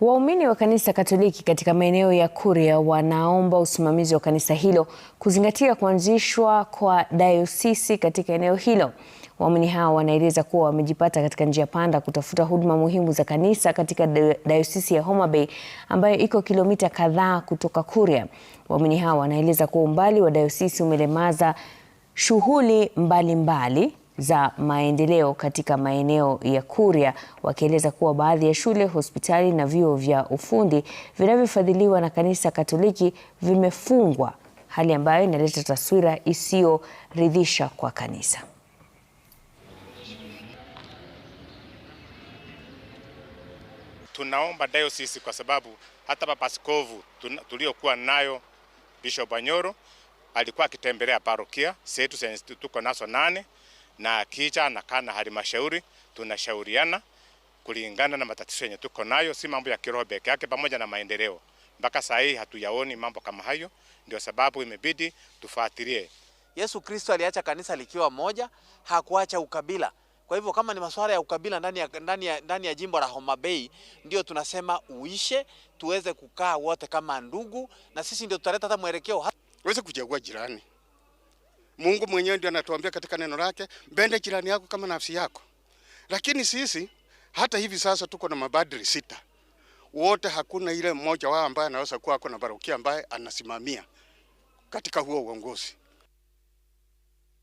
Waumini wa kanisa Katoliki katika maeneo ya Kuria wanaomba usimamizi wa kanisa hilo kuzingatia kuanzishwa kwa dayosisi katika eneo hilo. Waumini hao wanaeleza kuwa wamejipata katika njia panda kutafuta huduma muhimu za kanisa katika dayosisi ya Homa Bay ambayo iko kilomita kadhaa kutoka Kuria. Waumini hao wanaeleza kuwa umbali wa dayosisi umelemaza shughuli mbalimbali za maendeleo katika maeneo ya Kuria, wakieleza kuwa baadhi ya shule, hospitali na vyuo vya ufundi vinavyofadhiliwa na kanisa Katoliki vimefungwa, hali ambayo inaleta taswira isiyoridhisha kwa kanisa. Tunaomba dayosisi kwa sababu hata papaskovu tuliokuwa nayo Bishop Banyoro alikuwa akitembelea parokia setu tuko nazo nane na akija anakaa na halmashauri, tunashauriana kulingana na matatizo yenye tuko nayo, si mambo ya kiroho peke yake, pamoja na maendeleo. Mpaka saa hii hatuyaoni mambo kama hayo, ndio sababu imebidi tufuatilie. Yesu Kristo aliacha kanisa likiwa moja, hakuacha ukabila. Kwa hivyo kama ni masuala ya ukabila ndani ya, ndani ya, ndani ya jimbo la Homa Bay ndio tunasema uishe, tuweze kukaa wote kama ndugu, na sisi ndio tutaleta hata mwelekeo, uweze kuchagua jirani. Mungu mwenyewe ndiye anatuambia katika neno lake, mpende jirani yako kama nafsi yako. Lakini sisi hata hivi sasa tuko na mabadri sita, wote hakuna ile mmoja wao ambaye anaweza kuwa ako na barukia ambaye anasimamia katika huo uongozi.